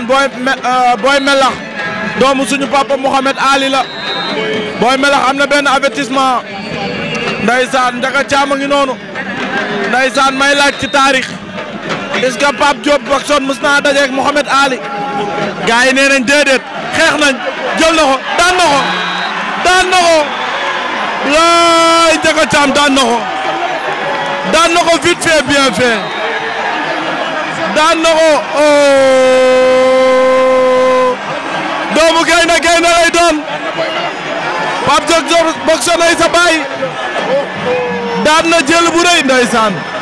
ndeysaan booy booy melax doomu suñu papa Mouhamed Ali la booy melax am na benn avertissement ndeysaan njaga caama ngi noonu ndeysaan may laaj ci taarix est-ce que Pape Diop Boxon naa dajeeg Mouhamed Ali gars yi nee xeex nañ jël na ko daan na daan na laay njaga caam daan na daan na ko vite fait bien doomu gaynde gaynde lay doon Pape Diop Diop bokk sa nay sa baay daan na jël bu rëy ndeysaan